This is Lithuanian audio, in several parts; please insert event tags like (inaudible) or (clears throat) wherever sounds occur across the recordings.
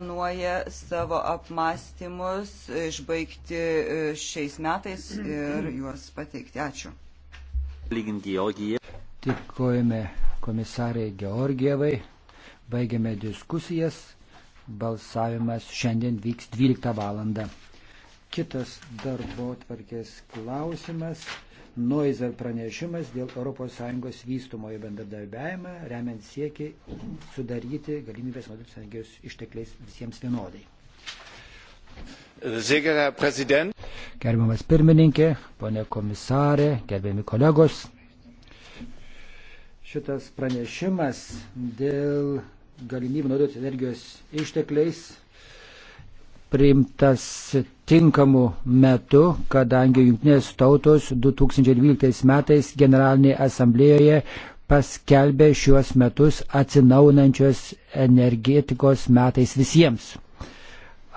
planuoja savo apmąstymus išbaigti e, šiais metais ir (clears throat) juos pateikti. Ačiū. Tikojame komisarai Georgievai, baigiame diskusijas, balsavimas šiandien vyks 12 val. Kitas darbo tvarkės klausimas. Noizer pranešimas dėl ES vystumojo bendradarbiavimą, remiant siekį sudaryti galimybės naudotis energijos ištekliais visiems vienodai. Gerbiamas pirmininkė, ponė komisarė, gerbiami kolegos. Šitas pranešimas dėl galimybių naudotis energijos ištekliais priimtas tinkamu metu, kadangi Junktinės tautos 2012 metais Generalinėje asamblėjoje paskelbė šiuos metus atsinaunančios energetikos metais visiems.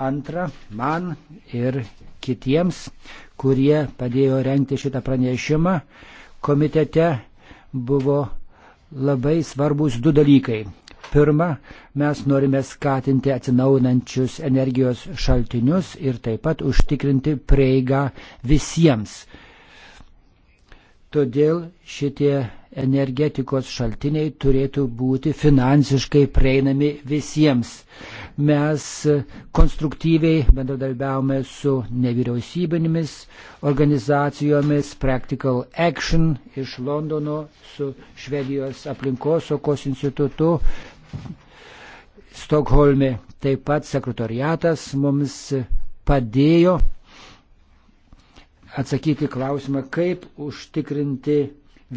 Antra, man ir kitiems, kurie padėjo renkti šitą pranešimą, komitete buvo labai svarbus du dalykai. Pirma, mes norime skatinti atsinaunančius energijos šaltinius ir taip pat užtikrinti prieigą visiems. Todėl šitie energetikos šaltiniai turėtų būti finansiškai prieinami visiems. Mes konstruktyviai bendradarbiavome su nevyriausybinėmis organizacijomis Practical Action iš Londono, su Švedijos aplinkosaugos institutu, Stokholme. Taip pat sekretoriatas mums padėjo atsakyti klausimą, kaip užtikrinti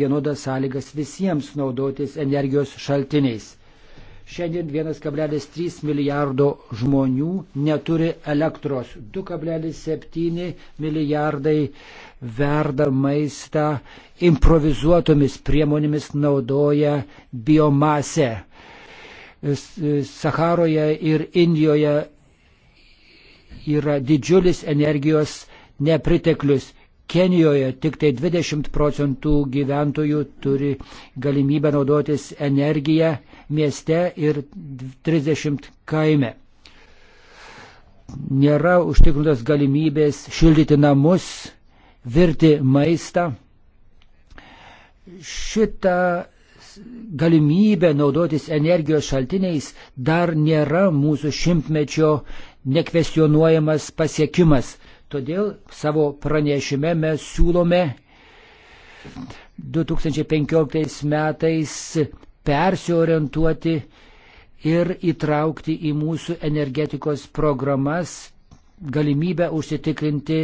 vienodas sąlygas visiems naudotis energijos šaltiniais. Šiandien 1,3 milijardo žmonių neturi elektros, 2,7 milijardai verda maistą, improvizuotomis priemonėmis naudoja biomasę. Saharoje ir Indijoje yra didžiulis energijos nepriteklius. Kenijoje tik tai 20 procentų gyventojų turi galimybę naudotis energiją mieste ir 30 kaime. Nėra užtikrintos galimybės šildyti namus, virti maistą. Šitą galimybė naudotis energijos šaltiniais dar nėra mūsų šimtmečio nekvestionuojamas pasiekimas. Todėl savo pranešime mes siūlome 2015 metais persiorientuoti ir įtraukti į mūsų energetikos programas galimybę užsitikrinti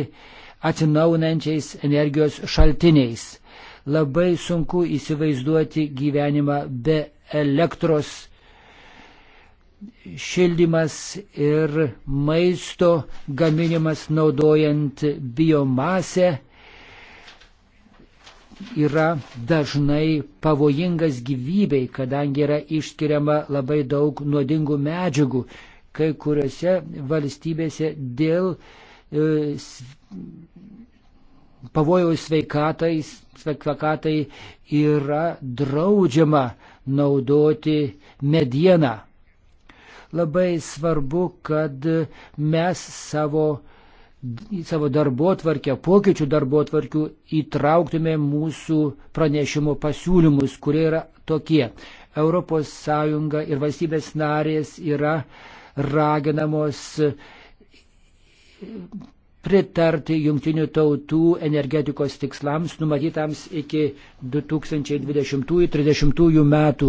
atsinaunančiais energijos šaltiniais. Labai sunku įsivaizduoti gyvenimą be elektros. Šildymas ir maisto gaminimas naudojant biomasę yra dažnai pavojingas gyvybei, kadangi yra išskiriama labai daug nuodingų medžiagų. Kai kuriuose valstybėse dėl e, pavojaus sveikatai, sveikatai yra draudžiama naudoti medieną. Labai svarbu, kad mes savo, savo darbo tvarkę, pokyčių darbo tvarkių įtrauktume mūsų pranešimo pasiūlymus, kurie yra tokie. ES ir valstybės narės yra raginamos pritarti jungtinių tautų energetikos tikslams numatytams iki 2020-2030 metų.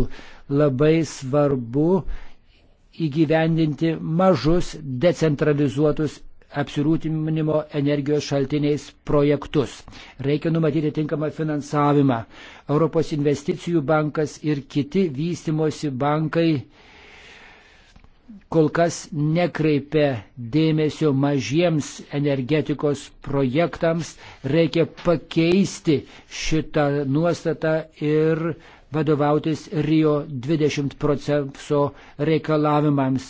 Labai svarbu įgyvendinti mažus decentralizuotus apsirūpinimo energijos šaltiniais projektus. Reikia numatyti tinkamą finansavimą. Europos investicijų bankas ir kiti vystimosi bankai kol kas nekreipia dėmesio mažiems energetikos projektams, reikia pakeisti šitą nuostatą ir vadovautis Rio 20 proceso reikalavimams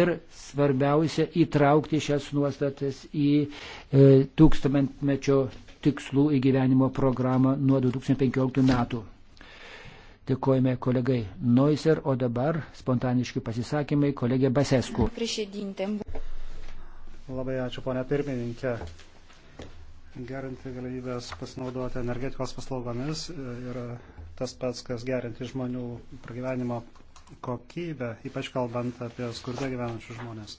ir svarbiausia įtraukti šias nuostatas į e, tūkstantmečio tikslų įgyvenimo programą nuo 2015 metų. Dėkojame kolegai Noiser, o dabar spontaniški pasisakymai kolegė Basesku. Labai ačiū, ponia pirmininkė. Gerinti galimybės pasinaudoti energetikos paslaugomis yra tas pats, kas gerinti žmonių pragyvenimo kokybę, ypač kalbant apie skurde gyvenančius žmonės.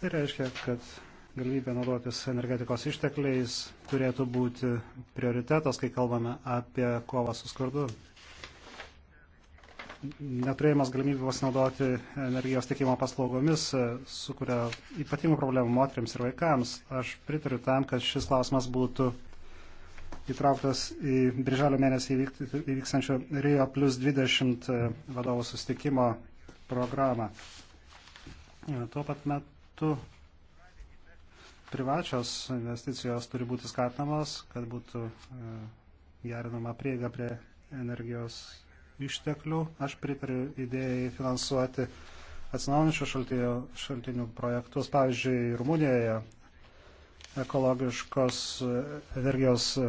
Tai reiškia, kad galimybė naudotis energetikos ištekliais turėtų būti prioritetas, kai kalbame apie kovą su skurdu. Neturėjimas galimybė pasinaudoti energijos tikimo paslaugomis e, sukuria ypatingų problemų moteriams ir vaikams. Aš pritariu tam, kad šis klausimas būtų įtrauktas į birželio mėnesį įvyksančio Rio plus 20 e, vadovų sustikimo programą. E, tuo pat metu privačios investicijos turi būti skatinamos, kad būtų e, gerinama prieiga prie energijos išteklių. Aš pritariu idėjai finansuoti atsinaujančių šaltinių, šaltinių projektus. Pavyzdžiui, Rumunijoje ekologiškos e, energijos e,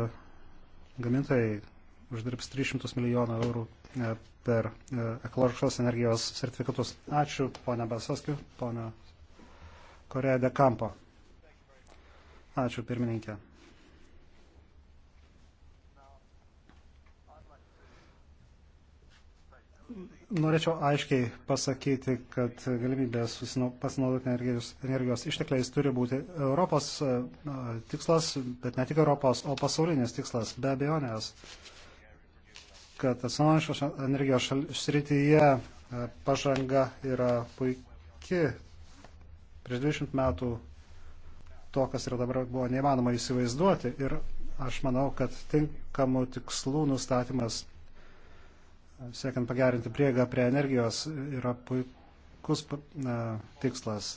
gamintojai uždirbs 300 milijonų eurų per ekologiškos energijos sertifikatus. Ačiū, ponia Basaskiu, ponia Korea de Campo. Ačiū pirmininkė. Norėčiau aiškiai pasakyti, kad galimybė pasinaudoti energijos, energijos ištekliais turi būti Europos tikslas, bet ne tik Europos, o pasaulinis tikslas, be abejonės, kad atsinaujinančios energijos srityje pažanga yra puikiai. Prieš 20 metų to, kas yra dabar buvo neįmanoma įsivaizduoti. Ir aš manau, kad tinkamų tikslų nustatymas, siekiant pagerinti prieigą prie energijos, yra puikus tikslas.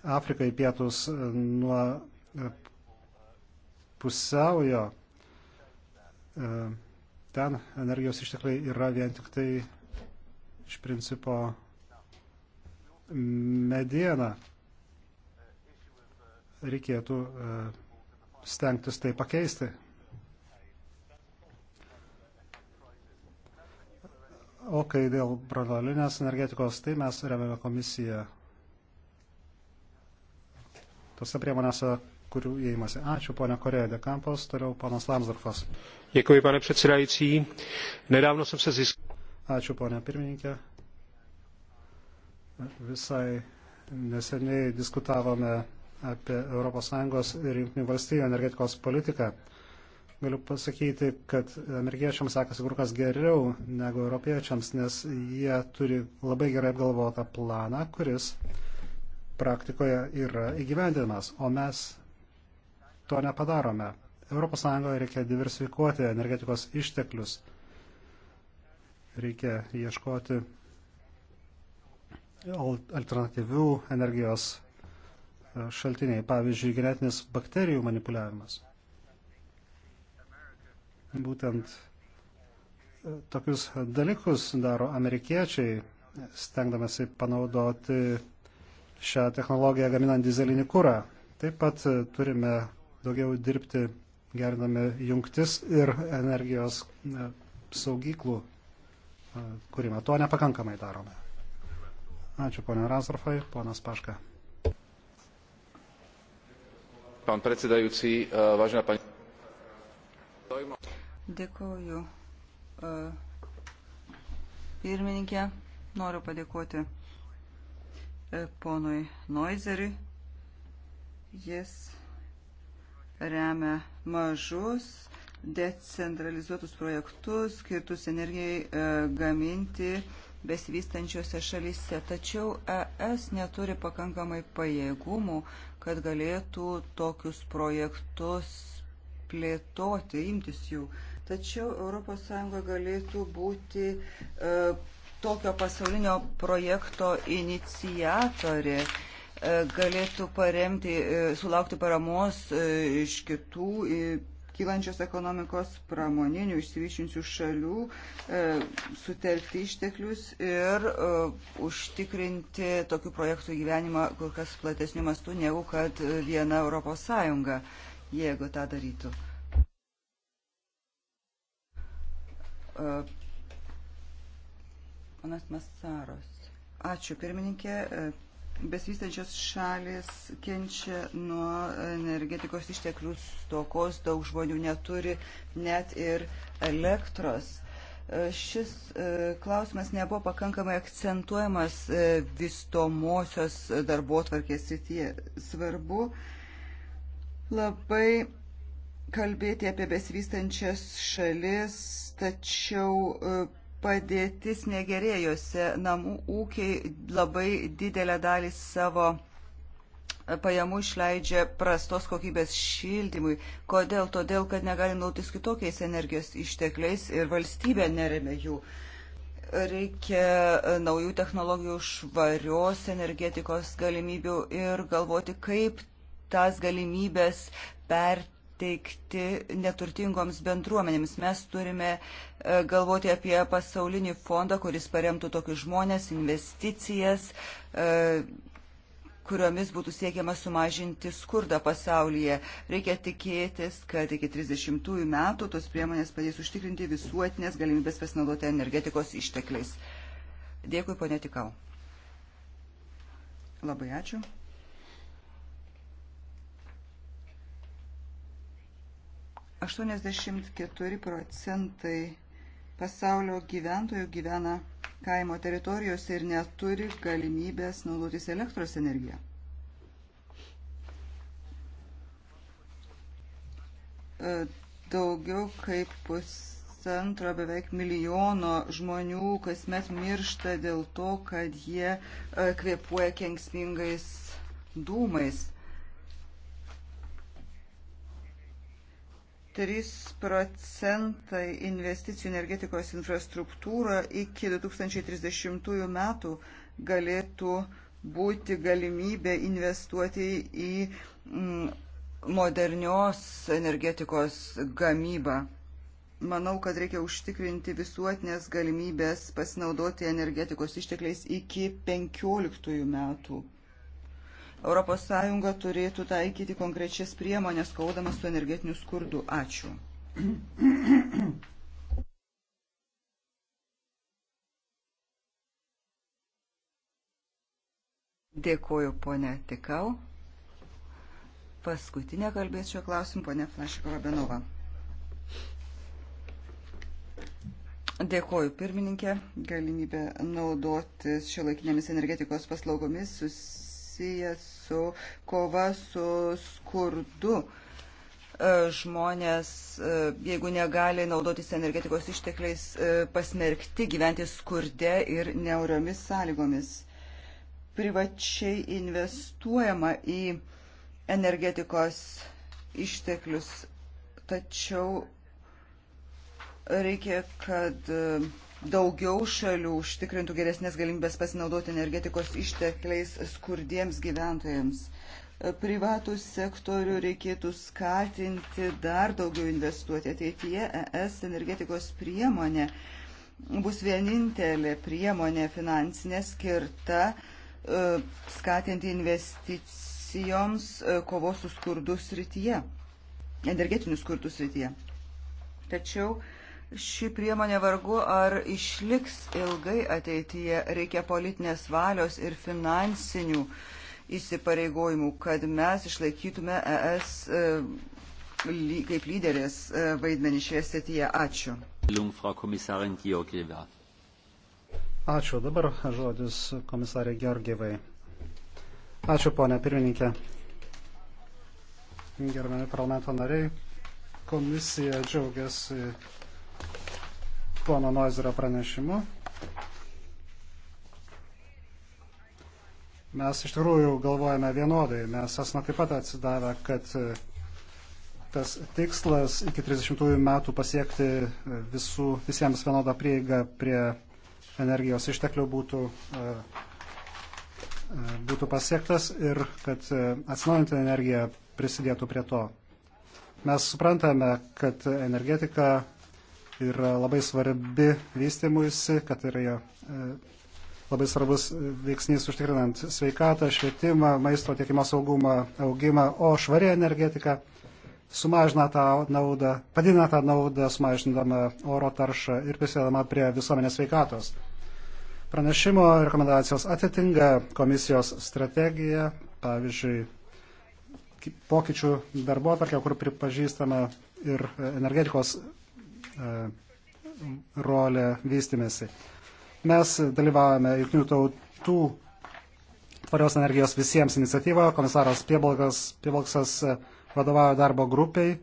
Afrikai pietus nuo e, pusiaujo e, ten energijos ištekliai yra vien tik tai iš principo mediena reikėtų e, stengtis tai pakeisti. O kai dėl branduolinės energetikos, tai mes remiame komisiją tose priemonėse, kurių įėjimasi. Ačiū, ponia Korėja de Campos, toliau ponas Lamsdorfas. Dėkui, pane předsedající. Nedávno jsem se získal. Ačiū, ponia pirmininkė. Visai neseniai diskutavome apie ES ir Junktinių valstybių energetikos politiką. Galiu pasakyti, kad amerikiečiams sekasi kur kas geriau negu europiečiams, nes jie turi labai gerai apgalvotą planą, kuris praktikoje yra įgyvendinamas, o mes to nepadarome. ES reikia diversifikuoti energetikos išteklius, reikia ieškoti alternatyvių energijos šaltiniai, pavyzdžiui, genetinis bakterijų manipuliavimas. Būtent e, tokius dalykus daro amerikiečiai, stengdamasi panaudoti šią technologiją gaminant dizelinį kūrą. Taip pat e, turime daugiau dirbti, gerindami jungtis ir energijos e, saugyklų kūrimą. To nepakankamai darome. Ačiū ponia Razorfai, ponas Paška. Pán predsedajúci, e, vážená pani. Dėkuoju. E, pirmininkė, noriu padėkoti e, ponui Noizeriui. Jis remia mažus decentralizuotus projektus skirtus energijai gaminti besivystančiose šalyse. Tačiau ES neturi pakankamai pajėgumų, kad galėtų tokius projektus plėtoti, imtis jų. Tačiau ES galėtų būti e, tokio pasaulinio projekto inicijatorė e, galėtų paremti, e, sulaukti paramos e, iš kitų kylančios ekonomikos pramoninių išsivyšinčių šalių, e, sutelkti išteklius ir e, užtikrinti tokių projektų gyvenimą kur kas platesnių mastų, negu kad viena Europos Sąjunga, jeigu tą darytų. E, Panas Masaros. Ačiū pirmininkė besivystančios šalis kenčia nuo energetikos išteklių stokos, daug žmonių neturi net ir elektros. Šis e, klausimas nebuvo pakankamai akcentuojamas e, vystomosios darbo tvarkės srityje. Svarbu labai kalbėti apie besivystančias šalis, tačiau e, padėtis negerėjose. Namų ūkiai labai didelę dalį savo pajamų išleidžia prastos kokybės šildymui. Kodėl? Todėl, kad negalim nautis kitokiais energijos ištekliais ir valstybė neremia jų. Reikia e, naujų technologijų, švarios energetikos galimybių ir galvoti, kaip tas galimybės perteikti pateikti neturtingoms bendruomenėms. Mes turime e, galvoti apie pasaulinį fondą, kuris paremtų tokius žmonės, investicijas, e, kuriomis būtų siekiama sumažinti skurdą pasaulyje. Reikia tikėtis, kad iki 30 metų tos priemonės padės užtikrinti visuotinės galimybės pasinaudoti energetikos ištekliais. Dėkui, ponė Tikau. Labai ačiū. 84 procentai pasaulio gyventojų gyvena kaimo teritorijose ir neturi galimybės naudotis elektros energiją. E, daugiau kaip pusantro beveik milijono žmonių kasmet miršta dėl to, kad jie e, kvepuoja kengsmingais dūmais. 3 procentai investicijų energetikos infrastruktūrą iki 2030 metų galėtų būti galimybė investuoti į mm, modernios energetikos gamybą. Manau, kad reikia užtikrinti visuotinės galimybės pasinaudoti energetikos ištekliais iki 15 metų. ES turėtų taikyti konkrečias priemonės, kaudamas su energetiniu skurdu. Ačiū. Dėkuoju, ponė Tikau. Paskutinė kalbės šio klausimu, ponė Flašikova Benova. Dėkuoju, pirmininkė. Galimybė naudotis šio laikinėmis energetikos paslaugomis sus susijęs su kova su skurdu. E, žmonės, e, jeigu negali naudotis energetikos ištekliais, e, pasmerkti gyventi skurde ir neuriomis sąlygomis. Privačiai investuojama į energetikos išteklius, tačiau reikia, kad daugiau šalių užtikrintų geresnės galimybės pasinaudoti energetikos ištekliais skurdiems gyventojams. Privatų sektorių reikėtų skatinti dar daugiau investuoti. Ateityje ES energetikos priemonė bus vienintelė priemonė finansinė skirta e, skatinti investicijoms e, kovos su skurdu srityje, energetinių skurdų srityje. Tačiau uh, Ši priemonė vargu ar išliks ilgai ateityje. Reikia politinės valios ir finansinių įsipareigojimų, kad mes išlaikytume ES e, kaip lyderės e, vaidmenį šioje srityje. Ačiū. Ačiū. Dabar žodis komisarė Georgievai. Ačiū, ponė pirmininkė. Gerbiami parlamento nariai, komisija džiaugiasi pono Noizerio pranešimu. Mes iš tikrųjų galvojame vienodai, mes esame taip pat atsidavę, kad e, tas tikslas iki 30 metų pasiekti e, visų, visiems vienodą prieigą prie energijos išteklių būtų, e, būtų pasiektas ir kad atsinaujinti energiją prisidėtų prie to. Mes suprantame, kad energetika yra labai svarbi vystimuisi, kad yra e, labai svarbus veiksnys užtikrinant sveikatą, švietimą, maisto tiekimo saugumą, augimą, o švari energetika sumažina tą naudą, padidina tą naudą, sumažindama oro taršą ir prisidedama prie visuomenės sveikatos. Pranešimo rekomendacijos atitinka komisijos strategiją, pavyzdžiui, pokyčių darbo atvarkę, kur pripažįstama ir energetikos E, rolę vystimėsi. Mes dalyvavome Junktinių tautų tvarios energijos visiems iniciatyvoje. Komisaras Piebalksas e, vadovavo darbo grupiai,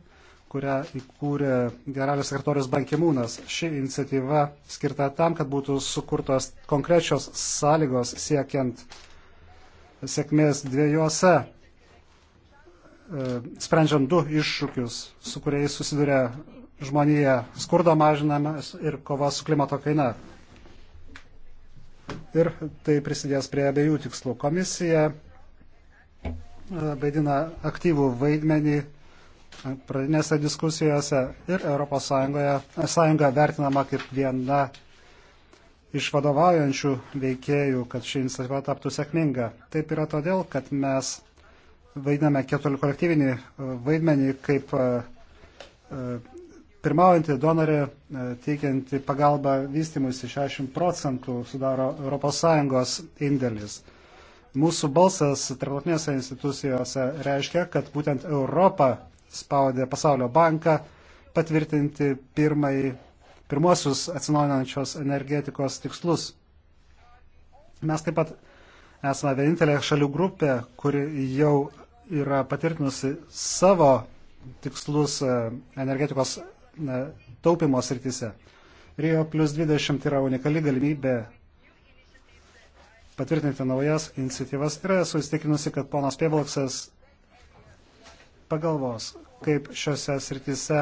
kurią įkūrė generalinis sekretorius Bankimūnas. Ši iniciatyva skirta tam, kad būtų sukurtos konkrečios sąlygos siekiant sėkmės dviejose, e, sprendžiant du iššūkius, su kuriais susiduria žmoniją, skurdo mažinamas ir kova su klimato kaina. Ir tai prisidės prie abiejų tikslų. Komisija e, vaidina aktyvų vaidmenį pradinėse diskusijose ir ES e, sąjunga vertinama kaip viena iš vadovaujančių veikėjų, kad ši iniciatyva taptų sėkminga. Taip yra todėl, kad mes vaidiname keturių kolektyvinį e, vaidmenį kaip pirmaujanti donorė e, teikianti pagalbą vystimuisi 60 procentų sudaro ES indėlis. Mūsų balsas tarptautinėse institucijose reiškia, kad būtent Europa spaudė Pasaulio banką patvirtinti pirmai, pirmosius atsinaujinančios energetikos tikslus. Mes taip pat esame vienintelė šalių grupė, kuri jau yra patvirtinusi savo tikslus e, energetikos taupimo srityse. Rio plus 20 yra unikali galimybė patvirtinti naujas iniciatyvas ir esu įstikinusi, kad ponas Pievalksas pagalvos, kaip šiuose srityse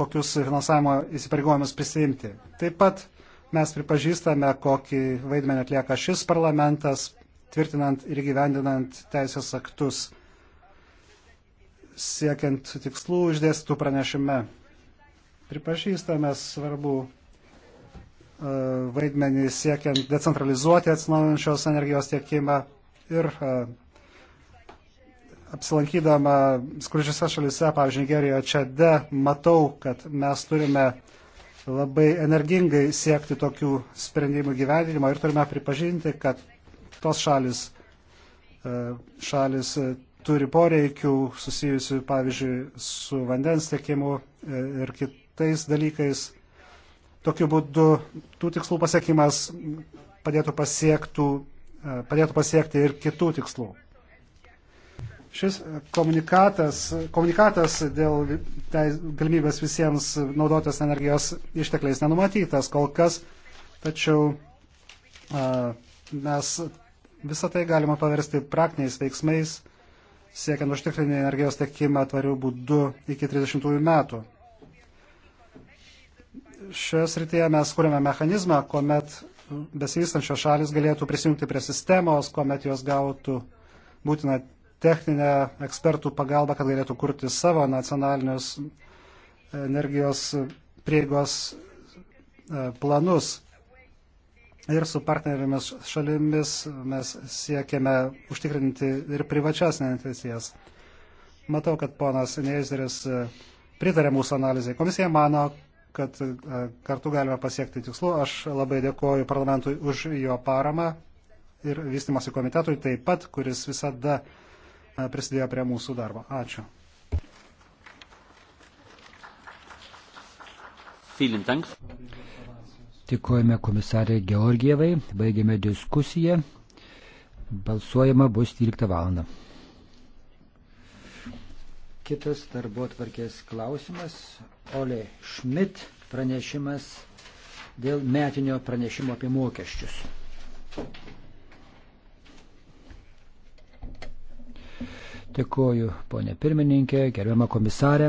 kokius finansavimo įsipareigojimus prisimti. Taip pat mes pripažįstame, kokį vaidmenį atlieka šis parlamentas, tvirtinant ir gyvendinant teisės aktus, siekiant tikslų išdėstų pranešime. Pripažįstame svarbu e, vaidmenį siekiant decentralizuoti atsinaujinančios energijos tiekimą ir e, apsilankydama skurdžiose šalise, pavyzdžiui, Nigerijoje, čia D, matau, kad mes turime labai energingai siekti tokių sprendimų gyvendinimo ir turime pripažinti, kad tos šalis, e, šalis turi poreikių susijusių, pavyzdžiui, su vandens tiekimu ir kitų tais dalykais. Tokiu būdu tų tikslų pasiekimas padėtų, pasiektų, e, padėtų pasiekti ir kitų tikslų. Šis komunikatas, komunikatas dėl tai galimybės visiems naudotis energijos ištekliais nenumatytas kol kas, tačiau a, e, mes visą tai galima paversti praktiniais veiksmais, siekiant užtikrinti energijos tiekimą tvarių būdų iki 30 metų šioje srityje mes kūrėme mechanizmą, kuomet besivystančios šalis galėtų prisijungti prie sistemos, kuomet jos gautų būtiną techninę ekspertų pagalbą, kad galėtų kurti savo nacionalinius energijos prieigos e, planus. Ir su partnerėmis šalimis mes siekiame užtikrinti ir privačias investicijas. Matau, kad ponas Neizeris e, pritarė mūsų analizai. Komisija mano, kad e, kartu galime pasiekti tikslų. Aš labai dėkoju parlamentui už jo paramą ir vystimosi komitetui taip pat, kuris visada e, prisidėjo prie mūsų darbo. Ačiū. Tikojame komisarė Georgievai, baigėme diskusiją. Balsuojama bus 13 val. Kitas darbo atvarkės klausimas. Ole Schmidt pranešimas dėl metinio pranešimo apie mokesčius. Dėkuoju, ponė pirmininkė, gerbiama komisarė.